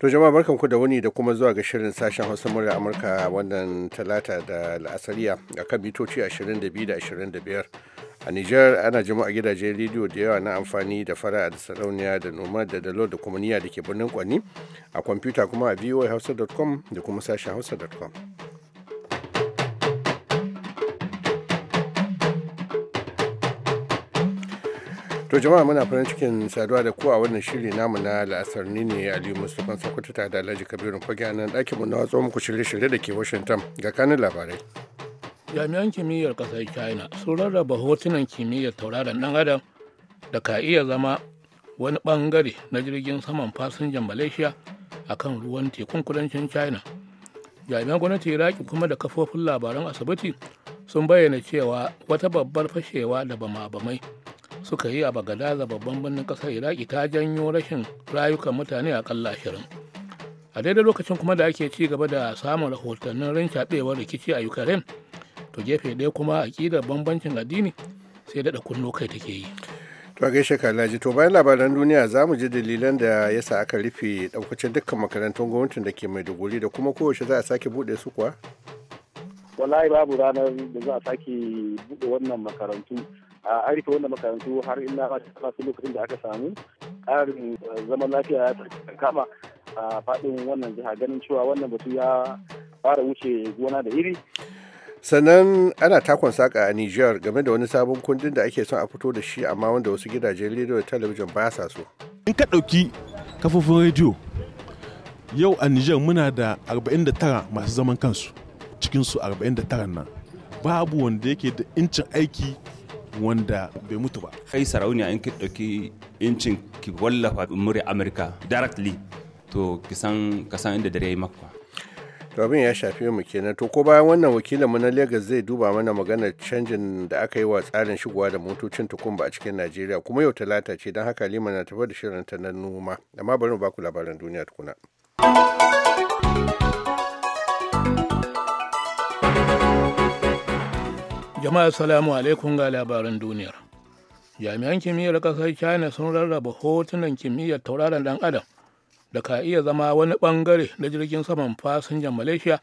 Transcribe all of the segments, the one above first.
To jama'a ku da wani da kuma zuwa ga shirin sashen Hausa murya Amurka wannan talata da la'asariya a kan mitoci 22 da 25. A Nijar ana jama'a gidajen rediyo da yawa na amfani da fara'a da sarauniya da noma da dalo da kuma niyya da ke birnin kwani a kwamfuta kuma a voahausa.com da kuma sashen hausa.com. To jama'a muna farin cikin saduwa da ku a wannan shiri namu na la'asar ni ne Aliyu Mustapha Sokoto ta da Alhaji Kabiru Fage nan ɗakin mu na watsa muku shirye-shirye da ke Washington ga kanin labarai. Jami'an kimiyyar ƙasar China sun rarraba hotunan kimiyyar tauraron ɗan adam da ka iya zama wani bangare na jirgin saman fasinjan Malaysia akan ruwan tekun kudancin China. Jami'an gwamnati Iraki kuma da kafofin labaran asibiti sun bayyana cewa wata babbar fashewa da bama-bamai suka yi a bagadaza babban birnin kasar iraki ta janyo rashin rayukan mutane a kalla ashirin a daidai lokacin kuma da ake ci gaba da samun rahotannin rincaɓewar rikici a ukraine to gefe ɗaya kuma aƙidar bambancin addini sai daɗa kunno kai take yi to gaishe kalaji to bayan labaran duniya za mu ji dalilan da ya sa aka rufe ɗaukacin dukkan makarantun gwamnatin da ke maiduguri da kuma kowace za a sake buɗe su kuwa wallahi babu ranar da za a sake buɗe wannan makarantu a rufe wannan makarantu har ina ma ta lokacin da aka samu ƙarin eh, zaman lafiya ya kama a faɗin wannan jiha ganin cewa wannan batu ya fara wuce gona da iri sannan ana takon saka a niger game da wani sabon kundin da ake son a fito da shi amma wanda wasu gidajen rediyo da talabijin ba sa so in ka ɗauki kafofin rediyo yau a niger muna da 49 masu zaman kansu cikinsu 49 nan babu wanda yake da incin aiki wanda bai mutu ba kai sarauniya a ki ɗauki incin ki wallafa muri amurka directly to ki san ka inda dare ya makwa abin ya shafi mu kenan to ko bayan wannan wakilin mu na Lagos zai duba mana maganar canjin da aka yi wa tsarin shigowa da motocin tukumba a cikin Najeriya kuma yau talata ce don haka lima na tafi da shirin ta na noma amma bari mu ku labaran duniya tukuna. jama'a salamu alaikum ga labaran duniyar jami'an kimiyyar kasar china sun rarraba hotunan kimiyyar tauraron dan adam da ka iya zama wani bangare na jirgin saman fasinjan malaysia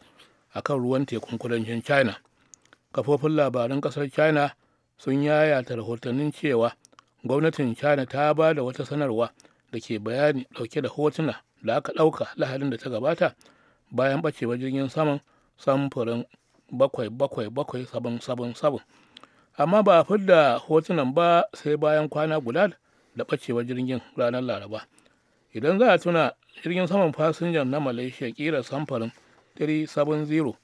a kan ruwan tekun kudancin china kafofin labaran kasar china sun yayata rahotannin cewa gwamnatin china ta ba da wata sanarwa da ke bayani dauke da hotuna da aka dauka lahadin da ta gabata bayan ɓacewa jirgin saman samfurin bakwai bakwai bakwai sabon sabon sabon amma ba a fidda hotunan ba sai bayan kwana guda da ɓacewar jirgin ranar laraba idan za a tuna jirgin saman fasinjan na malaysia kira samfarin 370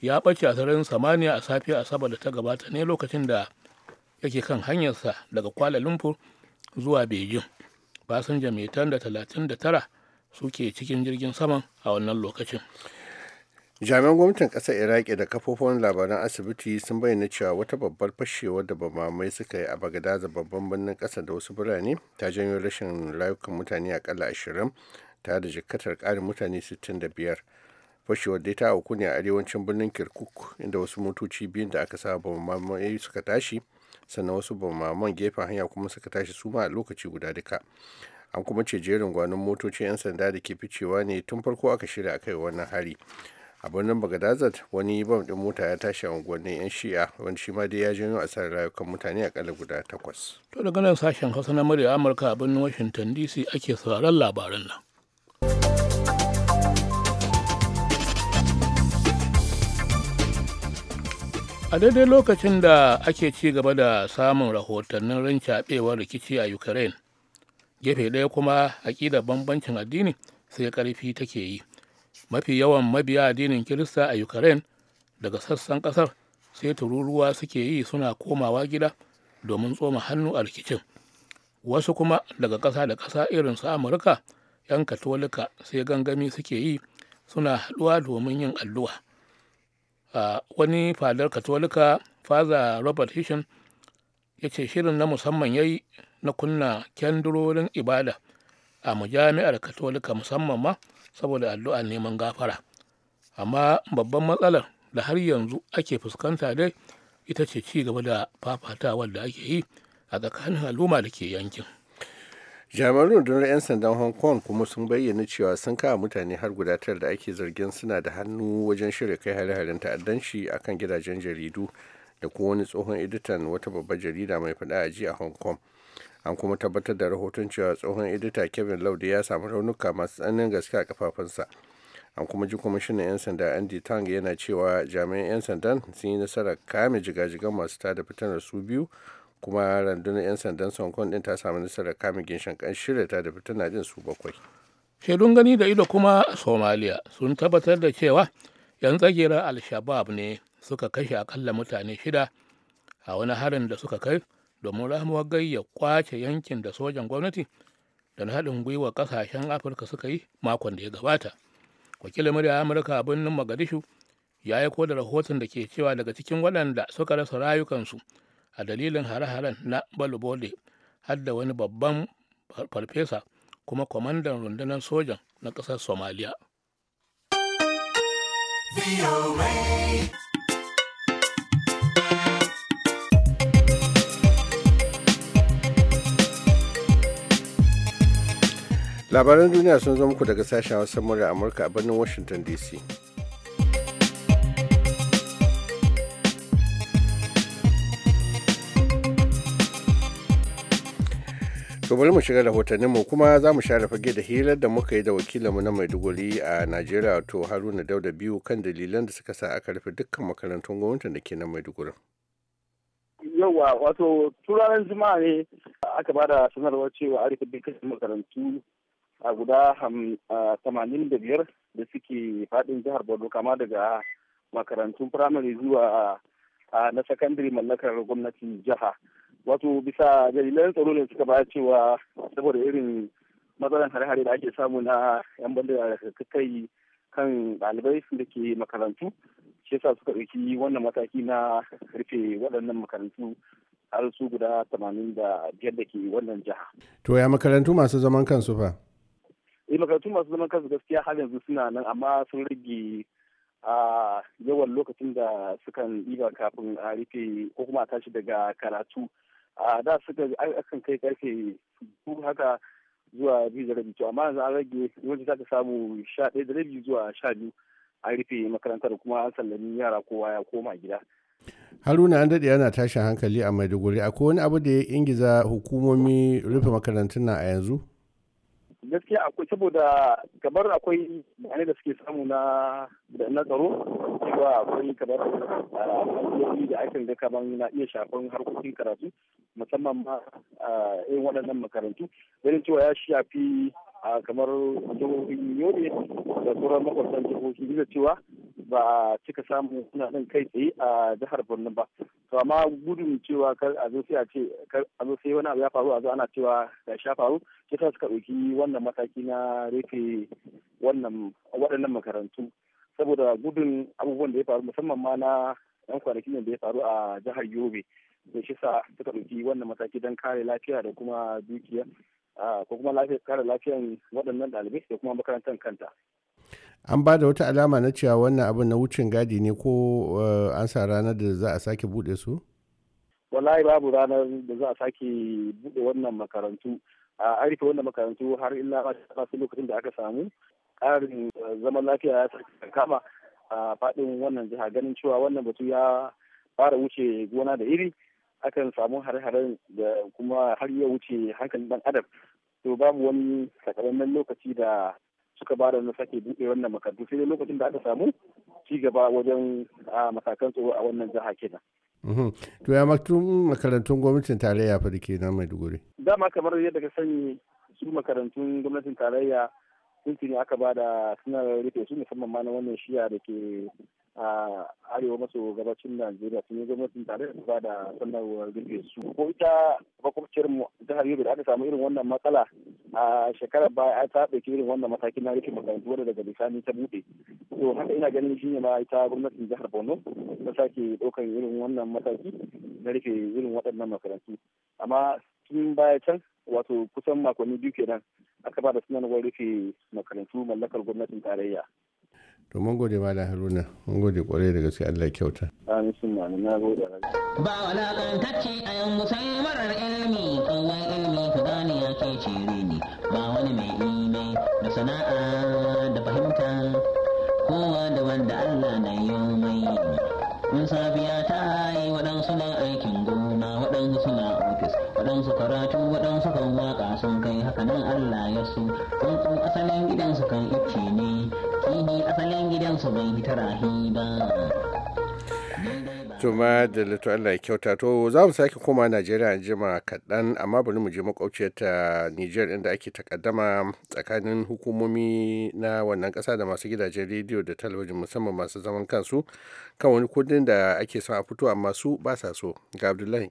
ya ɓace a sararin samaniya a safiya asabar da ta gabata ne lokacin da yake kan hanyarsa daga kuala lumpur zuwa beijing fasinja mai 39 suke cikin jirgin saman a wannan lokacin jami'an gwamnatin ƙasar iraki da kafofin labaran asibiti sun bayyana cewa wata babbar fashewar da bamamai suka yi a bagadaza babban birnin ƙasa da wasu birane ta janyo rashin rayukan mutane akalla ashirin tare da jikkatar karin mutane 65 fashewar dai ta auku ne a arewacin birnin kirkuk inda wasu motoci biyun da aka saba bamamai suka tashi sannan wasu bamaman gefen hanya kuma suka tashi su ma a lokaci guda duka an kuma ce jerin gwanon motocin 'yan sanda da ke ficewa ne tun farko aka shirya a kai wannan hari a birnin bagadazat wani bam din mota ya tashi a unguwannin yan shi'a wani shi ma dai ya janyo asarar rayukan mutane a kala guda takwas to daga nan sashen hausa na murya amurka a birnin washington dc ake sauraron labaran nan a daidai lokacin da ake ci gaba da samun rahotannin rincaɓewar rikici a ukraine gefe ɗaya kuma aƙida bambancin addini sai ƙarfi take yi mafi yawan mabiya addinin kirista a ukraine daga sassan kasar sai tururuwa suke yi suna komawa gida domin tsoma hannu a rikicin wasu kuma daga ƙasa da ƙasa irin su amurka 'yan katolika sai gangami suke yi suna haɗuwa domin yin alluwa. a wani fadar katolika faza robert hishin ya ce shirin na musamman ya yi na kunna kyandurorin ibada a majami'ar katolika musamman ma saboda addu'a neman gafara amma babban matsalar da har yanzu ake fuskanta dai ita ce ci gaba da fafatawar da ake yi a tsakanin al'umma da ke yankin jami'an rundunar 'yan sandan hong kong kuma sun bayyana cewa sun kawo mutane har guda tara da ake zargin suna da hannu wajen shirya kai hare-haren ta'addanci a kan gidajen jaridu da kuma wani tsohon editan wata babbar jarida mai faɗa a jiya a hong kong an kuma tabbatar da rahoton cewa tsohon edita kevin laude ya samu raunuka masu tsananin gaske a kafafunsa an kuma ji kwamishinan 'yan sanda andy tang yana cewa jami'an 'yan sandan sun yi nasarar kame jigajigan masu tada fitanar su biyu kuma rundunar 'yan sandan hong din ta samu nasarar kame ginshin kan shirya tada fitana din su bakwai shaidun gani da ido kuma somaliya sun tabbatar da cewa 'yan tsagerar al-shabab ne suka kashe akalla mutane shida a wani harin da suka kai domin ramuwar ya kwace yankin da sojan gwamnati da na haɗin gwiwa ƙasashen afirka suka yi makon da ya gabata wakilin murya amurka a birnin magadishu ya yi da rahoton da ke cewa daga cikin waɗanda suka rasa rayukansu a dalilin hare-haren na balubole har da wani babban farfesa kuma kwamandan rundunar sojan na ƙasar somaliya. labaran duniya sun zo muku daga sashen hausa murya amurka a birnin washington dc to bari mu shiga mu kuma za mu share fage da hirar da muka yi da wakilinmu na maiduguri a najeriya to haruna dauda biyu kan dalilan da suka sa aka rufe dukkan makarantun gwamnati da ke na maiduguri yawa wato turaren juma'a ne aka ba da sanarwar cewa a rufe dukkan makarantu a guda tamanin da biyar da suke fadin jihar borno kama daga makarantun firamare zuwa na sakandare mallakar gwamnatin jiha wato bisa dalilan tsaro ne suka bayar cewa saboda irin matsalan hare-hare da ake samu na yan bandar da kai kan ɗalibai da ke makarantu shi yasa suka ɗauki wannan mataki na rufe waɗannan makarantu har su guda 85 da ke wannan jiha. To ya makarantu masu zaman kansu fa? eh makarantu masu zaman kansu gaskiya har yanzu suna nan amma sun rage a yawan lokacin da sukan ba kafin a rufe ko kuma a tashi daga karatu a da suka akan kai karfe su haka zuwa biyu da rabi to amma yanzu an rage yawanci za ka samu sha ɗaya da rabi zuwa sha biyu a rufe makarantar kuma an sallami yara kowa ya koma gida. haruna an daɗe yana tashin hankali a maiduguri akwai wani abu da ya ingiza hukumomi rufe makarantuna a yanzu gaskiya akwai saboda kamar akwai bayanai da suke samu na na tsaro cewa akwai kamar hanyoyi da ake da kamar na iya shafan harkokin karatu musamman ma a irin waɗannan makarantu ganin cewa ya shafi a kamar jihohin ne da sauran makwasan jihohi duk da cewa ba a cika samun suna ɗin kai tsaye a jihar borno ba to amma gudun cewa kar a zo sai a ce kar a zo sai wani abu ya faru a zo ana cewa ga sha faru sai ta suka ɗauki wannan mataki na rufe wannan waɗannan makarantu saboda gudun abubuwan da ya faru musamman ma na yan kwanakin da ya faru a jihar yobe da shi sa suka ɗauki wannan mataki don kare lafiya da kuma dukiya ko kuma lafiyar kare lafiyan waɗannan ɗalibai da kuma makarantar kanta an ba da wata alama na cewa wannan abin na wucin gadi ne ko e, an sa ranar da za a sake buɗe su wallahi babu ranar da za a sake buɗe wannan makarantu a arife wannan makarantu har illa a su lokacin da aka samu ƙarin e, zaman lafiya ya sake kama a faɗin wannan jiha ganin cewa wannan batu ya fara wuce gona da iri akan samu hare-haren da kuma har ya wuce hankalin dan adam to babu wani sakamakon lokaci da suka ba da na sake buɗe wannan makarantu sai dai lokacin da aka samu ci gaba wajen matakan tsoro a wannan jiha kenan. Uhm. to ya makarantun gwamnatin tarayya fa da ke nan maiduguri. dama kamar yadda ka sani su makarantun gwamnatin tarayya ne aka ba da suna rufe su musamman ma na wannan shiya da ke a arewa maso gabacin najeriya sun yi gwamnatin tare da ba da sanarwar rufe su ko ita makwabciyar mu jihar yobe da aka samu irin wannan matsala a shekarar baya a ta ɗauki irin wannan matakin na rufe makarantu wadda daga bisani ta buɗe to haka ina ganin shine ma ita gwamnatin jihar borno ta sake ɗaukar irin wannan mataki na rufe irin waɗannan makarantu amma tun baya can wato kusan makonni biyu kenan aka ba da sanarwar rufe makarantu mallakar gwamnatin tarayya to mun gode da haruna mun gode kwarai da gaske allah kyauta sun na ba wala kankacce a yan musayi marar ilimi kawai ilimi ku gane ya ke cire ne ba wani mai ilimi da sana'a da fahimta kowa da wanda allah na yi mai in safiya ta yi waɗansu na aikin gona waɗansu na waɗansu karatu waɗansu kan waka sun kai hakanan Allah ya su kun asalin gidansu kan icce ne kihi asalin gidansu bai hita rahi ba tuma da lato Allah ya kyauta to za mu sake koma Najeriya jima kaɗan amma bari mu je makwabciyar ta Nijar inda ake takaddama tsakanin hukumomi na wannan ƙasa da masu gidajen rediyo da talabijin musamman masu zaman kansu kan wani kudin da ake son a fito amma su ba sa so ga Abdullahi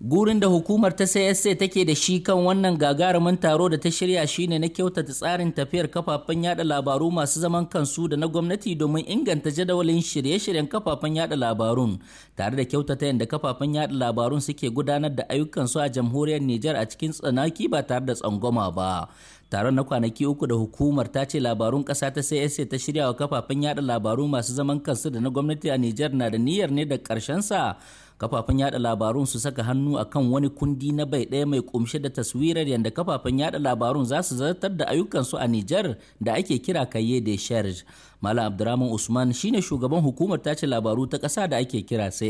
Gurin da hukumar ta CSA take da shi kan wannan gagarumin taro da ta shirya shine na kyautata tsarin tafiyar kafafen yada labaru masu zaman kansu da na gwamnati domin inganta jadawalin shirye-shiryen kafafen yada labarun tare da kyautata yadda kafafen yada labarun suke gudanar da ayyukansu a jamhuriyar Nijar a cikin tsanaki ba tare da tsangwama ba. taron na kwanaki uku da hukumar ta ce labarun ƙasa ta csa ta shirya wa kafafen yada labaru masu zaman kansu da na gwamnati a nijar na da niyyar ne da sa kafafen yada labarun su saka hannu akan wani kundi na bai ɗaya mai kumshe da taswirar yadda kafafen yada labarun za su zartar da ayyukansu a nijar da ake kira kaye de sharj malam abdurrahman usman shine shugaban hukumar tace labaru ta ƙasa da ake kira csa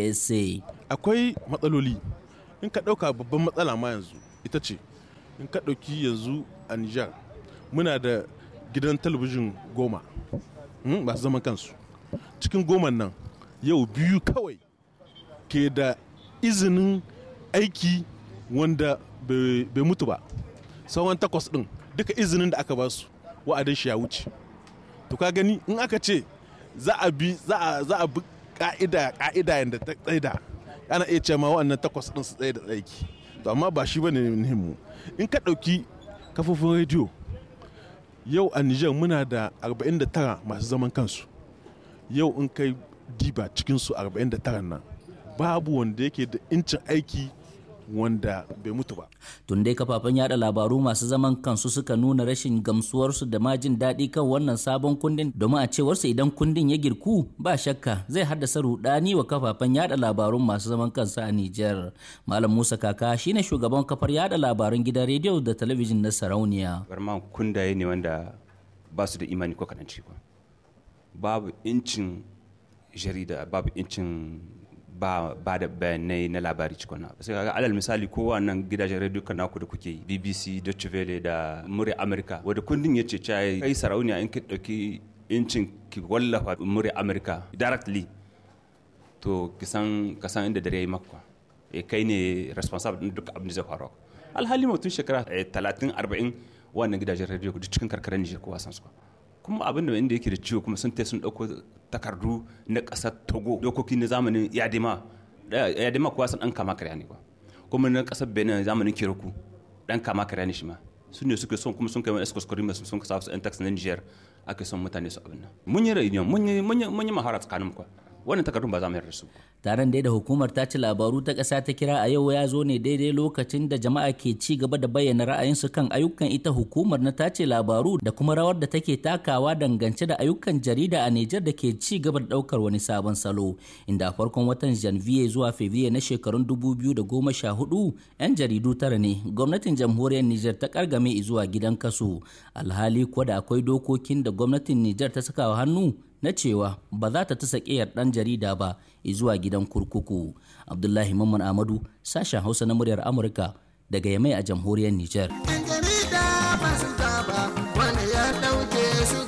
akwai matsaloli in ka ɗauka babban matsala ma yanzu ita ce in ka ɗauki yanzu a nijar muna da gidan talabijin goma hmm, masu zaman kansu cikin goma nan yau biyu kawai ke da izinin aiki wanda bai mutu ba sauran takwas ɗin duka izinin da aka ba su wa'adin shi ya wuce to ka gani in aka ce za a bi za a bi ka'ida ka'ida yadda ta tsaida ana iya ce ma wa'annan takwas ɗin su tsaye da tsaiki to amma ba shi ne muhimmu in ka ɗauki kafofin rediyo yau a nijar muna da 49 masu zaman kansu yau in kai diba cikinsu 49 nan babu wanda yake da incin aiki wanda bai mutu ba. Tun dai kafafen yada labaru masu zaman kansu suka nuna rashin gamsuwarsu da ma jin daɗi kan wannan sabon kundin domin a cewarsu idan kundin ya girku ba shakka zai haddasa rudani wa kafafen yada labarun masu zaman kansu a Nijar. Malam Musa Kaka shine shugaban kafar yada labarun gidan rediyo da talabijin na Sarauniya. Barman kundaye ne wanda ba su da imani ko kanan Babu incin jarida babu incin ba ba da bayanai na labari cikona sai kaga alal misali ko wannan gidajen radio kan naku da kuke yi BBC Deutsche Welle da Murya Amerika wanda kundin yace cewa kai sarauniya in ki dauki incin ki wallafa Murya Amerika directly to kisan kasan inda dare yayi makwa e eh, kai ne responsible din duk abin da zai faru alhali mutun shekara 30 eh, 40 wannan gidajen radio duk cikin karkarar Niger kowa san su kuma abin da inda yake da ciwo kuma sun tai sun dauko takardu na kasar togo dokoki na zamanin yadima yadima kuwa sun dan kama karya ne kuwa kuma na kasar benin zamanin kiroku dan kama karya ne shi ma su ne suke son kuma sun kai wani eskos korima sun kasa su 'yan tax na niger ake son mutane su abin nan mun yi rayuwa mun yi mahara tsakanin kuwa wannan takardun ba za mu yarda su taron dai da hukumar ta ci labaru ta ƙasa ta kira a yau ya zo ne daidai lokacin da jama'a ke ci gaba da bayyana ra'ayinsu kan ayyukan ita hukumar na tace labaru da kuma rawar da take takawa dangance da ayyukan jarida a Nijar da ke ci gaba da ɗaukar wani sabon salo inda a farkon watan janvier zuwa fevrier na shekarun 2014 'yan jaridu tara ne gwamnatin jamhuriyar Nijar ta kargame zuwa gidan kasu alhali kuwa da akwai dokokin da gwamnatin Nijar ta saka wa hannu na cewa ba za ta ta sakiyar ɗan jarida ba zuwa gidan kurkuku abdullahi mamman amadu sashen hausa na muryar amurka daga yamai a jamhuriyar niger wani ya ɗauke su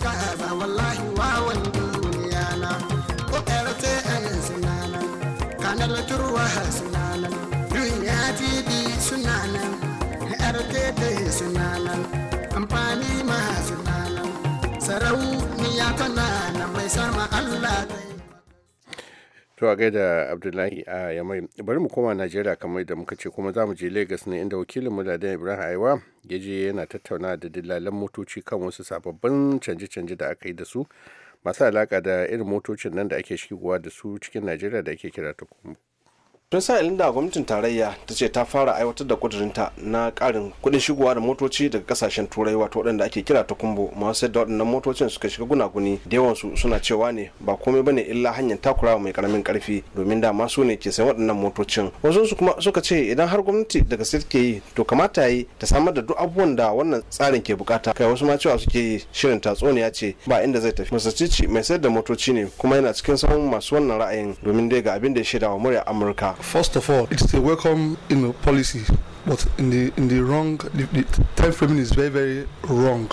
To a gaida Abdullahi a Yamai bari mu koma Najeriya kamar da muka ce kuma za mu je Lagos ne inda wakilin mu Ladan Ibrahim Aiwa ya je yana tattauna da dillalan motoci kan wasu sababbin canje-canje da aka yi da su masu alaka da irin motocin nan da ake shigowa da su cikin Najeriya da ake kira ta tun sa da gwamnatin tarayya ta ce ta fara aiwatar da kudurinta na karin kudin shigowa da motoci daga kasashen turai wato waɗanda ake kira ta kumbo masu yadda waɗannan motocin suka shiga gunaguni da yawansu suna cewa ne ba komai bane illa hanyar takurawa mai karamin karfi domin dama su ne ke sayan waɗannan motocin wasu su kuma suka ce idan har gwamnati daga gaske ke yi to kamata yi ta samar da duk abubuwan da wannan tsarin ke bukata kai wasu ma cewa suke yi shirin tatsuniya ce ba inda zai tafi cici mai sayar da motoci ne kuma yana cikin sahun masu wannan ra'ayin domin dai ga abin da ya shaidawa murya amurka First of all, it's a welcome you know, policy but in the in the wrong the, the time framing is very very wrong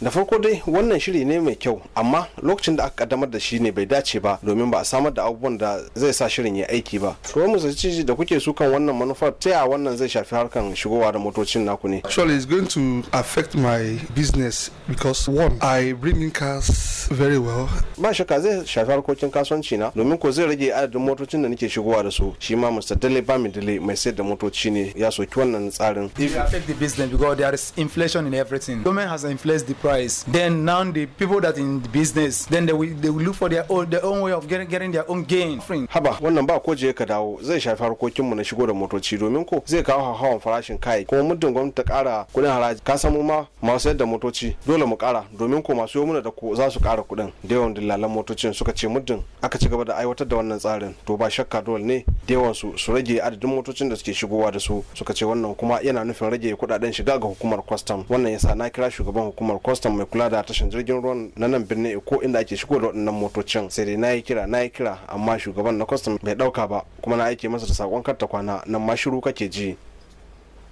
da farko dai wannan shiri ne mai kyau amma lokacin da aka kaddamar da shi ne bai dace ba domin ba a samar da abubuwan da zai sa shirin ya aiki ba to mu ci da kuke su kan wannan manufar ta ya wannan zai shafi harkan shigowa da motocin naku ne actually it's going to affect my business because one i bring in cars very well ba shakka zai shafi harkokin kasuwanci na domin ko zai rage adadin motocin da nake shigowa da su shi ma Mr. Dele Bamidele mai sayar da motoci ne ya soki wannan tsarin if you affect the business because there is inflation in everything government has inflated the price then now the people that in the business then they will, they will look for their own, their own way of getting, getting their own gain haba wannan ba ko je ka dawo zai shafi harkokin mu na shigo da motoci domin ko zai kawo hawan farashin kai kuma muddin gwamnati ta kara kudin haraji ka samu ma masu yadda motoci dole mu kara domin ko masu yomuna da ko za su kara kudin da yawan dillalan motocin suka ce muddin aka ci gaba da aiwatar da wannan tsarin to ba shakka dole ne da yawan su su rage adadin motocin da suke shigowa da su suka ce wannan kuma yana nufin rage kudaden shiga ga hukumar kwastam wannan yasa na kira shugaban hukumar kwastam mai kula da tashin jirgin ruwan na nan birnin eko inda ake shigo da waɗannan motocin sai dai na yi kira na yi kira amma shugaban na kwastam bai ɗauka ba kuma na aike masa da sakon karta kwana nan ma shiru kake ji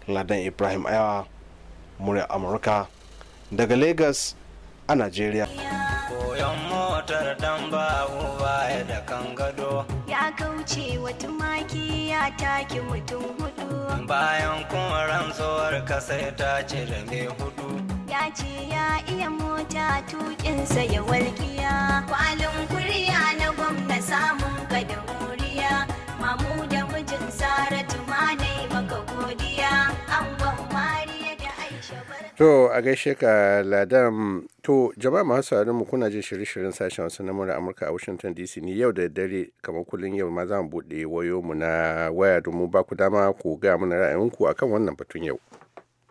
ladan ibrahim ayawa murya amurka daga lagos a najeriya koyon motar dan babu baya da kan gado ya kauce wa tumaki ya take mutum hudu bayan kuma rantsuwar kasai ta da mai hudu ya ce ya iya mota tukinsa ya walƙiya kwalin kuriya na gwamna samun gadon muriya To a gaishe ka ladam to jama'a masu mu kuna jin shirye-shiryen sashen wasu na mura Amurka a Washington DC ni yau da dare kamar kullum yau ma za mu buɗe wayoyinmu na waya domin ba ku dama ku ga mana ra'ayinku akan wannan batun yau.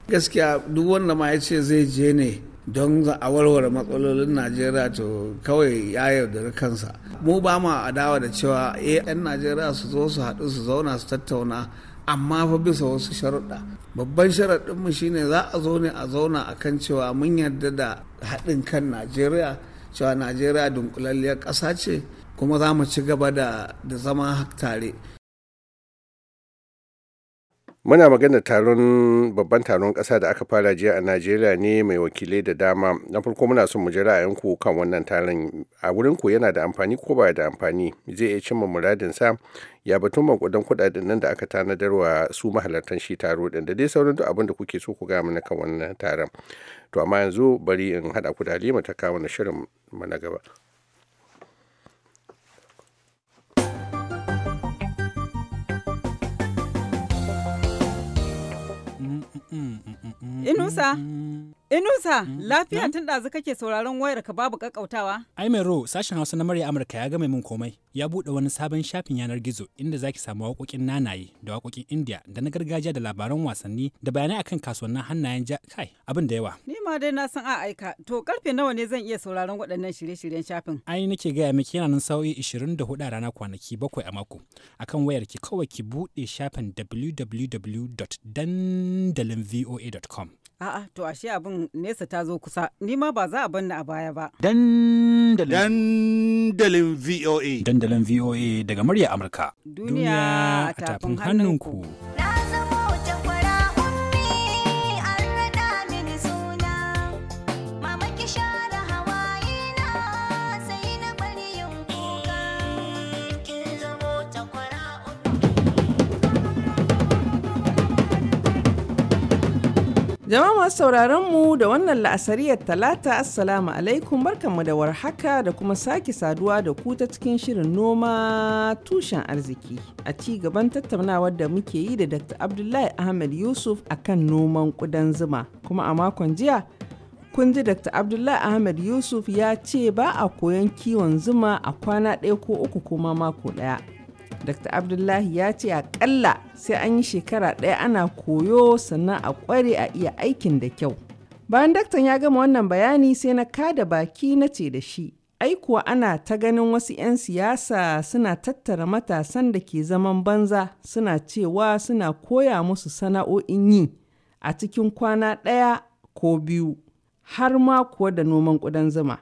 Gaskiya duk wanda ma ya ce zai je ne don a warware matsalolin Najeriya to kawai ya yaudari kansa. Mu ba ma adawa da cewa eh 'yan Najeriya su zo su haɗu su zauna su tattauna amma fa bisa wasu sharuɗa babban sharaɗinmu shine za a zo ne a zauna a kan cewa mun yarda da haɗin kan najeriya cewa najeriya dunkulalliyar ƙasa ce kuma za mu ci gaba da zama tare muna magana taron babban taron ƙasa da aka fara jiya a najeriya ne mai wakilai da dama na farko muna son mu ji ra'ayinku kan wannan taron a wurin ku yana da amfani ko ba da amfani zai iya cimma muradin sa ya batun makudan kudaden nan da aka tanadarwa su mahalartan shi taro din da dai sauran duk abin da kuke so ku ga mana kan wannan taron to amma yanzu bari in haɗa ku da halima ta kawo na shirin mana gaba Mm, mm, mm, inusa Inusa, mm. lafiya tun ɗazu kake sauraron wayar ka babu kakautawa. Ai mai ro, sashen Hausa na murya Amurka ya gama min komai. Ya buɗe wani sabon shafin yanar gizo inda zaki samu waƙoƙin nanaye da waƙoƙin India da na gargajiya da labaran wasanni da bayanai akan kasuwannin hannayen ja kai abin da yawa. Ni ma dai na san a aika. To karfe nawa ne zan iya sauraron waɗannan shirye-shiryen shafin? Ai nake gaya miki yana nan sa'o'i 24 a rana kwanaki bakwai a mako. Akan wayar ki kawai ki buɗe shafin www.dandalinvoa.com. A'a to ashe abin nesa ta zo kusa ni ma ba za a banna a baya ba. Dandalin VOA Dandalin VOA daga murya Amurka. Duniya a tafin hannunku. Jama'a masu sauraron mu da wannan la'asariyar talata assalamu alaikum barkanmu da warhaka da kuma sake saduwa da ku ta cikin shirin noma tushen arziki a ci gaban tattaunawar da muke yi da Dr. Abdullahi Ahmed Yusuf akan noman kudan zuma kuma a makon jiya kun ji Dr. Abdullahi Ahmed Yusuf ya ce ba a koyon kiwon zuma a kwana ɗaya ko uku kuma mako ɗaya Dr. Abdullahi ya ce kalla sai an yi shekara ɗaya ana koyo sannan a ƙware a iya aikin da kyau. Bayan daktan ya gama wannan bayani sai na kada baki na ce da shi. Ai kuwa ana ta ganin wasu 'yan siyasa suna tattara matasan da ke zaman banza suna cewa suna koya musu sana'o'in yi a cikin kwana ɗaya ko biyu har ma kuwa da noman ƙudan zuma.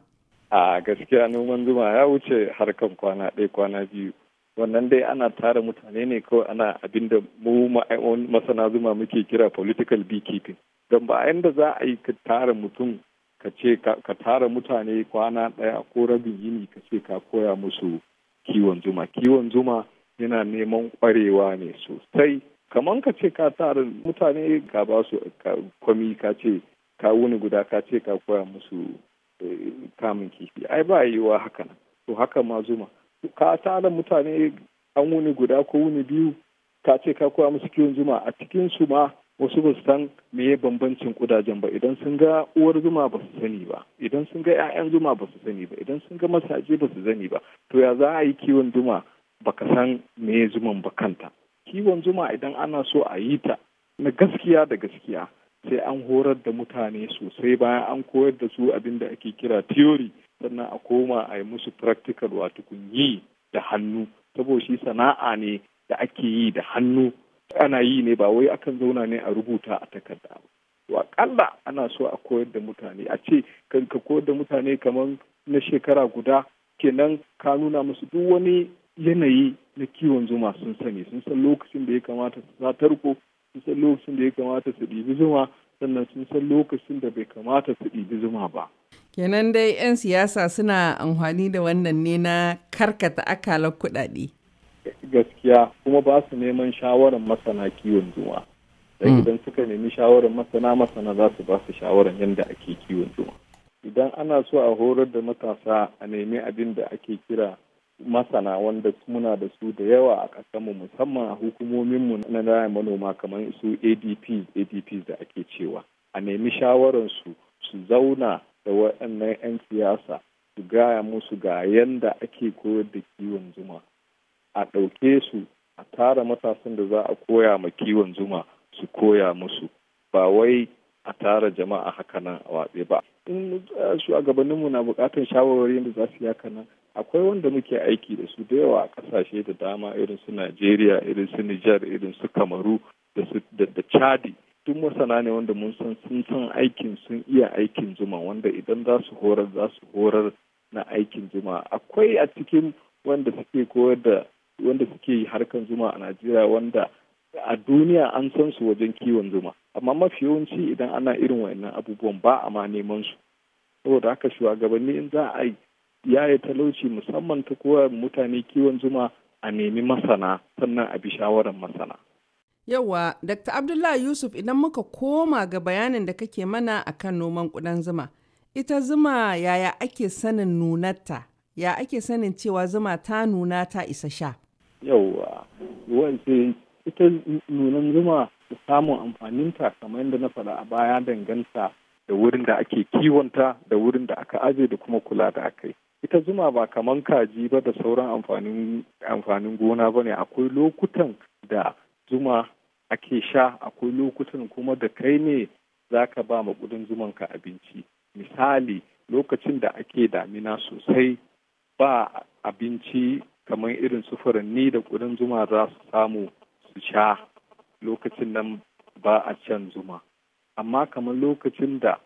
A gaskiya noman zuma ya wuce harkan kwana ɗaya kwana biyu. wannan dai ana tara mutane ne kawai ana abin da mu masana zuma muke kira political beekeeping don ba yanda za a yi ka tara mutum ka ce ka tara mutane kwana ɗaya ko rabin yini ka ce ka koya musu kiwon zuma kiwon zuma yana neman ƙwarewa ne sosai kamar ka ce ka tara mutane ka ba su kwami ka ce ka wuni guda ka ce ka koya musu eh, kamun kifi ai ba yiwuwa haka nan to haka ma zuma ka tara mutane an wuni guda ko wuni biyu ka ce ka koya musu kiwon zuma a cikin su ma wasu ba su san meye bambancin kudajen ba idan sun ga uwar zuma ba su sani ba idan sun ga 'ya'yan zuma ba su sani ba idan sun ga masaje ba su sani ba to ya za a yi kiwon zuma baka san meye zuman ba kanta kiwon zuma idan ana so a yi ta na gaskiya da gaskiya sai an horar da mutane sosai bayan an koyar da su abin da ake kira theory sannan a koma a yi musu practical wato kun yi da hannu saboda shi sana'a ne da ake yi da hannu ana yi ne ba wai akan zauna ne a rubuta a takarda ba to akalla ana so a koyar da mutane a ce kan ka koyar da mutane kamar na shekara guda kenan ka nuna musu duk wani yanayi na kiwon zuma sun sani sun san lokacin da ya kamata su sa tarko sun san lokacin da ya kamata su ɗibi zuma sannan sun san lokacin da bai kamata su ɗibi zuma ba Kenan dai 'yan siyasa suna amfani da wannan ne na karkata akalar kuɗaɗe. Gaskiya kuma ba su neman shawarar masana kiwon juma. da hmm. idan suka nemi shawarar masana masana za su ba su shawarar yadda ake kiwon juma. Idan ana so a horar da matasa a nemi abin da ake kira masana wanda muna da su da yawa a ƙasarmu musamman a hukumominmu na raya manoma kamar su adp adp da ake cewa a nemi shawararsu su zauna da waɗannan 'yan siyasa su gaya musu ga yadda ake koyar da kiwon zuma a ɗauke su a tara matasan da za a koya ma kiwon zuma su koya musu ba wai a tara jama'a haka nan a watse ba in uh, shugabanninmu na buƙatar shawarwari da za su yi haka nan akwai wanda muke aiki da su da yawa a ƙasashe da dama irin su najeriya irin su nijar irin su kamaru da chadi duk masana ne wanda mun san sun san aikin sun iya aikin zuma wanda idan za su horar za su horar na aikin zuma akwai a cikin wanda suke koyar da wanda suke harkan zuma a najeriya wanda a duniya an san su wajen kiwon zuma amma mafi yawanci idan ana irin wayannan abubuwan ba a ma neman su saboda haka shugabanni in za a yaya talauci musamman ta koyar mutane kiwon zuma a nemi masana sannan a bi shawarar masana Yauwa, Dr. Abdullahi Yusuf idan muka koma ga bayanin da kake mana a kan noman kudan zuma. Ita zuma yaya ake sanin nunarta, ya ake sanin cewa zuma ta nuna ta isa sha. Yauwa, wance ita nunan zuma da samun amfaninta kamar yadda na faɗa a baya danganta da wurin da ake kiwonta da wurin da aka aje da kuma kula da aka yi. ita zuma ba kaman kaji ba da sauran amfanin gona ba ne akwai lokutan da zuma ake sha akwai lokutan kuma da kai ne za ka ba ma zuman ka abinci misali lokacin da ake damina sosai ba abinci kamar irin su furanni da kudin zuma za su samu su sha lokacin nan ba a can zuma amma kamar lokacin da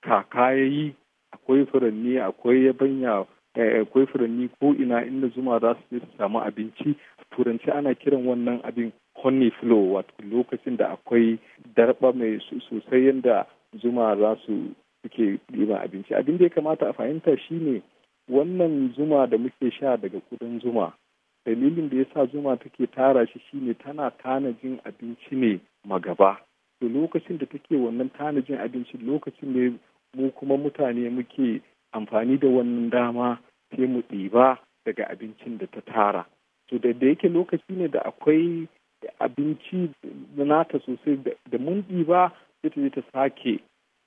kaka ya yi akwai furanni akwai yabanya eh, akwai furanni ko ina inda zuma za su su samu abinci turanci ana kiran wannan abin honey flow wato lokacin da akwai darba mai sosai yadda zuma za su suke ɗiba abinci abin da ya kamata a fahimta shine wannan zuma da muke sha daga kudin zuma dalilin da ya sa zuma take tara shi shine tana tanajin abinci ne magaba to lokacin da take wannan tanajin abinci lokacin ne mu kuma mutane muke amfani da wannan dama sai mu ɗiba daga abincin da ta tara to da yake lokaci ne da akwai abinci da nata sosai da mun ba sai ta je ta sake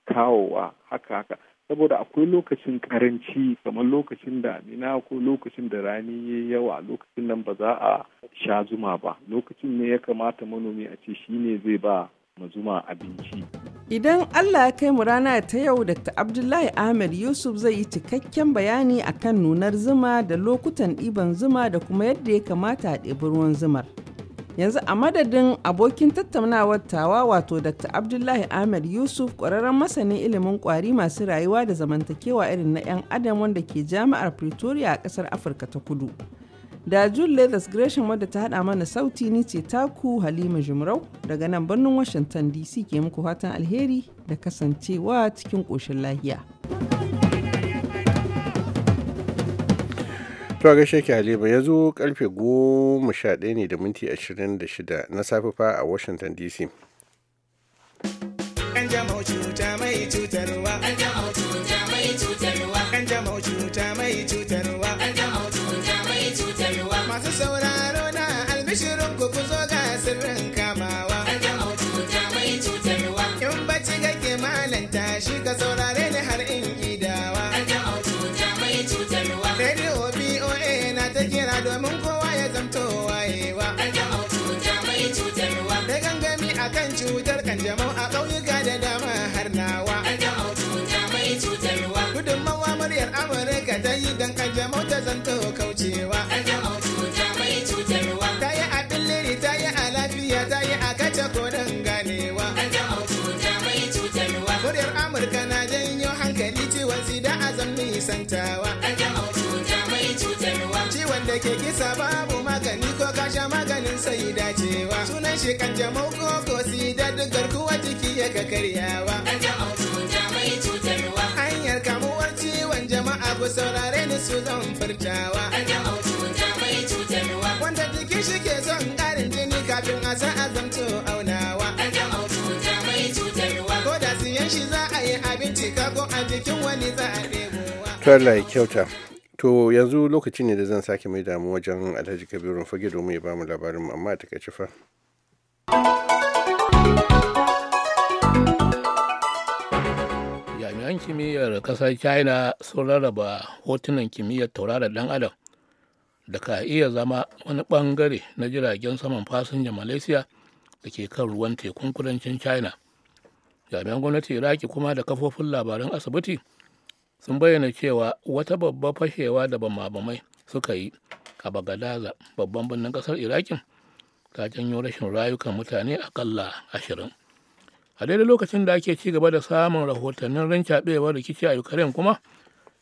kawowa haka haka saboda akwai lokacin karanci kamar lokacin damina ko lokacin da rani ya yawa lokacin nan ba za a sha zuma ba lokacin ne ya kamata manomi a ce shine zai ba mazuma abinci idan allah ya kai mu rana ta yau dr abdullahi ahmed yusuf zai yi cikakken bayani akan nunar zuma da lokutan ɗiban zuma da kuma yadda ya kamata a ɗebi ruwan zumar yanzu a madadin abokin tattaunawar tawa wato dr abdullahi ahmed yusuf kwararren masanin ilimin kwari masu rayuwa da zamantakewa irin na 'yan adam wanda ke jami'ar pretoria a kasar afirka ta kudu da june leathers gresham wadda ta hada mana sauti ni ce taku halima jumrau daga nan birnin washington dc ke muku fatan alheri da kasancewa cikin koshin lahiya. To gaishe ki Halima ya zo karfe goma sha ɗaya ne da minti ashirin da shida na safe fa a Washington DC. An jama'u cuta mai cutarwa. An jama'u cuta mai cutarwa. An jama'u cuta mai cutarwa. Masu sauraro na albishirin ku ku zo ga kyautatawa ciwon da ke kisa babu magani ko kasha maganin sai dacewa sunan shi kan jamau ko ko da duk garkuwa jiki ya ka karyawa hanyar kamuwar ciwon jama'a ku saurare ni su zan furtawa wanda jiki shi ke son karin jini kafin a sa azamto aunawa ko da siyan shi za a yi abinci kako a jikin wani za a ɗebo to Allah kyauta to yanzu lokaci ne da zan sake mai damu wajen alhaji kabirun fage domin ya ba mu labarin amma a takaice fa jami'an kimiyyar kasar china sun rarraba hotunan kimiyyar tauraron dan adam da ka iya zama wani bangare na jiragen saman fasinja malaysia da ke kan ruwan tekun kudancin china jami'an gwamnati iraki kuma da kafofin labaran asibiti sun bayyana cewa wata babbar fashewa da bamabamai suka yi a bagadaza babban birnin kasar irakin ta janyo rashin rayukan mutane akalla ashirin a daidai lokacin da ake ci gaba da samun rahotannin rincaɓewar rikici a ukraine kuma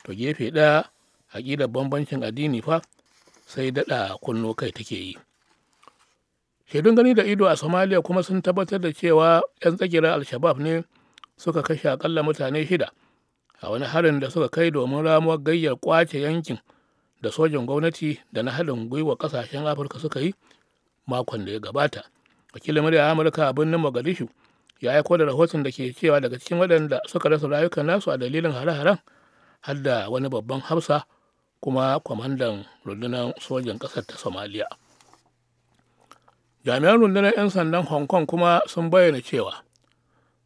to gefe ɗaya aƙidar bambancin addini fa sai daɗa kunno kai take yi shaidun gani da ido a somaliya kuma sun tabbatar da cewa 'yan tsakiyar al-shabab ne suka kashe akalla mutane shida a wani harin da suka kai domin ramuwar gayyar kwace yankin da sojin gwamnati da na haɗin gwiwa ƙasashen afirka suka yi makon da ya gabata wakilin murya amurka a birnin mogadishu ya aiko da rahoton da ke cewa daga cikin waɗanda suka rasa rayukan nasu a dalilin hare-haren har da wani babban hafsa kuma kwamandan rundunar sojan ƙasar ta somaliya jami'an rundunar 'yan sandan hong kong kuma sun bayyana cewa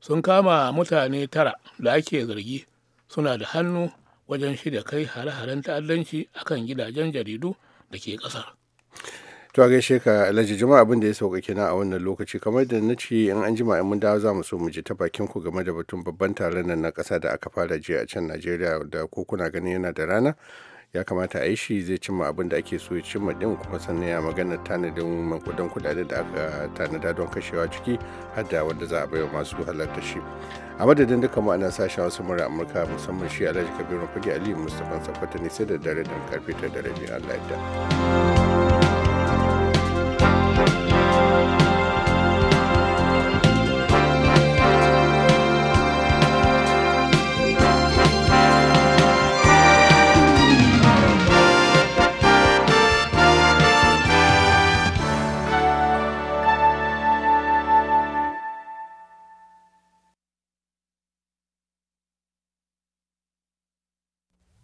sun kama mutane tara da ake zargi suna da hannu wajen shirya kai hare-haren ta'addanci akan gidajen jaridu da ke kasar. to a gaishe ka alhaji jama'a abin da ya sauka kina a wannan lokaci kamar da na ce in an jima in mun dawo za mu so mu ji ta bakin ku game da batun babban taron nan na kasa da aka fara jiya a can najeriya da ko kuna ganin yana da rana ya kamata a yi shi zai cimma abin da ake so ya cimma din kuma sannan ya magana tanadin makudan kudade da aka tanada don kashewa ciki har da wanda za a baiwa masu halarta shi a madadin duka mu ana sa wasu mura amurka musamman shi alhaji kabiru fage aliyu mustapha sakwata ne sai da dare don karfe ta dare biyu allah